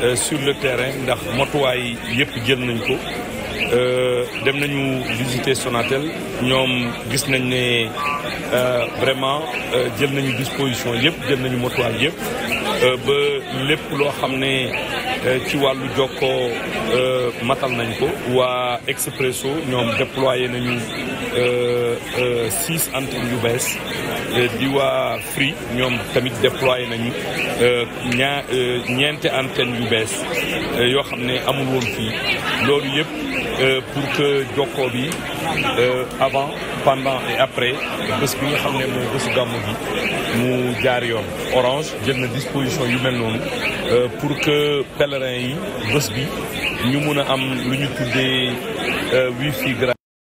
Euh, sur le terrain ndax motuwaay yëpp jël nañ ko euh, dem nañu visiter Sonatel ñoom gis nañ ne euh, vraiment jël nañu disposition yëpp jël nañu motuwaay yëpp. Euh, ba lépp loo xam ne euh, ci wàllu jokkoo euh, matal nañ ko waa Expresso ñoom déployé nañu six antennes yu bees di waa Free ñoom tamit déployé nañu ñaa ñeenti antennes yu bees yoo xam ne amul woon fii loolu yëpp euh, pour que jokkoo bi euh, avant pendant et après bés bi nga xam ne mooy bésu gàmmu gi mu jaar yoon orange jël na disposition yu mel noonu euh, pour que pèlerins yi bës bi ñu mun a am lu ñu tuddee wifi gratuit